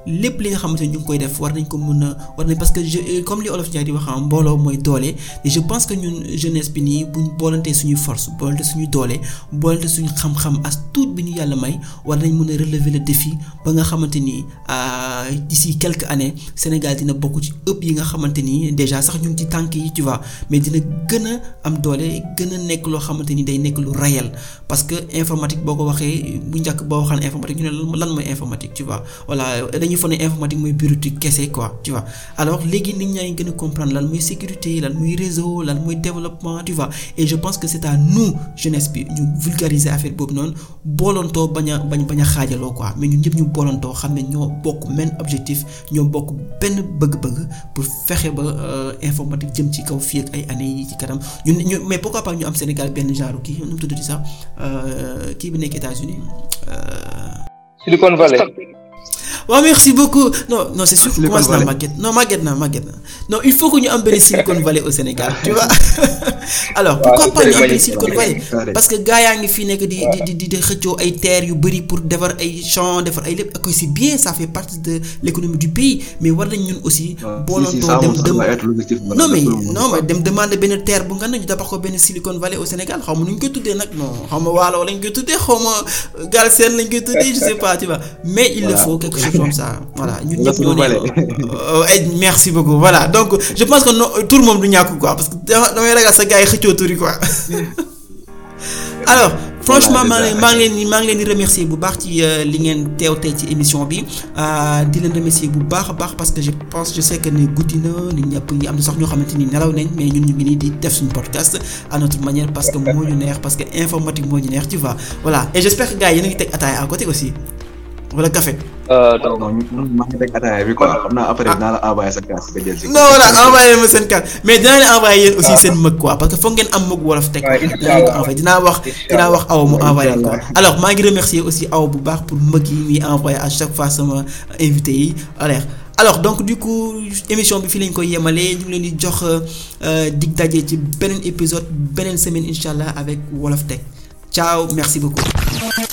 lépp li nga xamante ni ñu ngi koy def war nañ ko mën na war nañ parce que euh, comme li olof Ndiaye di wax ah, mbooloo mooy doole et je pense que ñun jeunesse bi nii buñ boolantee suñuy force boolante suñuy doole. boole suñu xam-xam as tuut bi ñu yàlla may war nañ mën a relever le défi ba nga xamante ni euh, d'ici quelques années Sénégal dina bokk ci ëpp yi nga xamante déjà sax ñu ngi ci tànk yi tu vois mais dina gën a am doole gën a nekk loo xamante ni day nekk lu réel parce que informatique boo ko waxee bu njëkk boo waxaan informatique ñu ne lan mooy informatique tu vois voilà dañuy foog informatique mooy bureautique kese quoi tu vois alors léegi nit ñaa gën a comprendre lan mooy sécurité lan vulgariser affaire boobu noonu boolontoo bañ a bañ bañ a xaajaloo ko mais ñun ñëpp ñu boolontoo xam ne ñoo bokk même objectif ñoo bokk benn bëgg-bëgg pour fexe ba euh, informatique jëm ci kaw fii ak ay années yi ci kanam ñun ñu mais pourquoi pas ñu am Sénégal benn genre kii nu mu tuddati sax euh, kii bi nekk États-Unis euh, Silicon Valley waaw merci beaucoup no non c'est sûr commence naa màgget non màgget naa màgget naa non il faut que ñu am benn Silicon Valley au Sénégal tu alors pourquoi parce que gars yaa ngi fii nekk di di di di xëccoo ay bëri pour defar ay champs defar ay lépp ak c'est bien ça fait partie de l'économie du mais war nañ ñun aussi boolantoo dem dem non mais non mais dem demander benn terre bu nga nañu tabax ko benn Silicon Valley au Sénégal xaw ma nu ñu koy tuddee nag non xaw ma waalo lañ koy tuddee xaw ma Galsen lañ koy tuddee je pas tu mais il le faut quelque chose chose comme ça voilà ñun ñëpp ñoo ne merci beaucoup voilà donc je pense que non tur moom du ñàkk quoi parce que damay ragal sa gars yi xëccoo franchement maa ngi maa leen di maa ngi di remercier bu baax ci euh, li ngeen teew tey ci émission bi euh, di leen remercier bu baax a baax parce que je pense je sais que ni guddi na ni ñëpp yi am na sax ñoo xamante ni nelaw nañ mais ñun ñu ngi nii di def suñu podcast à notre manière parce que moo ñu neex parce que informatique moo ñu neex tu vois voilà et j'espère que gars yi yéen ngi teg ataaya à côté aussi wala café non maa ngi teg ataaya bi quoi xam naa après dinaa la envoyé sa kaas nga jël si. non voilà envoyé ma seen kaas mais dinaa leen envoyé yéen aussi seen mëg quoi parce que foog ngeen am mëg wolof teg dinaa ko envoyé dinaa wax dinaa wax aw mu envoyé quoi alors maa ngi remercier aussi aw bu baax pour mëg yi muy envoyé à chaque fois sama invité yi alors donc di coup émission bi fii lañ koy yemalee ñu ngi leen di jox euh, dig daje ci beneen épisode beneen semaine incha allah avec wolof teg ciao merci beaucoup.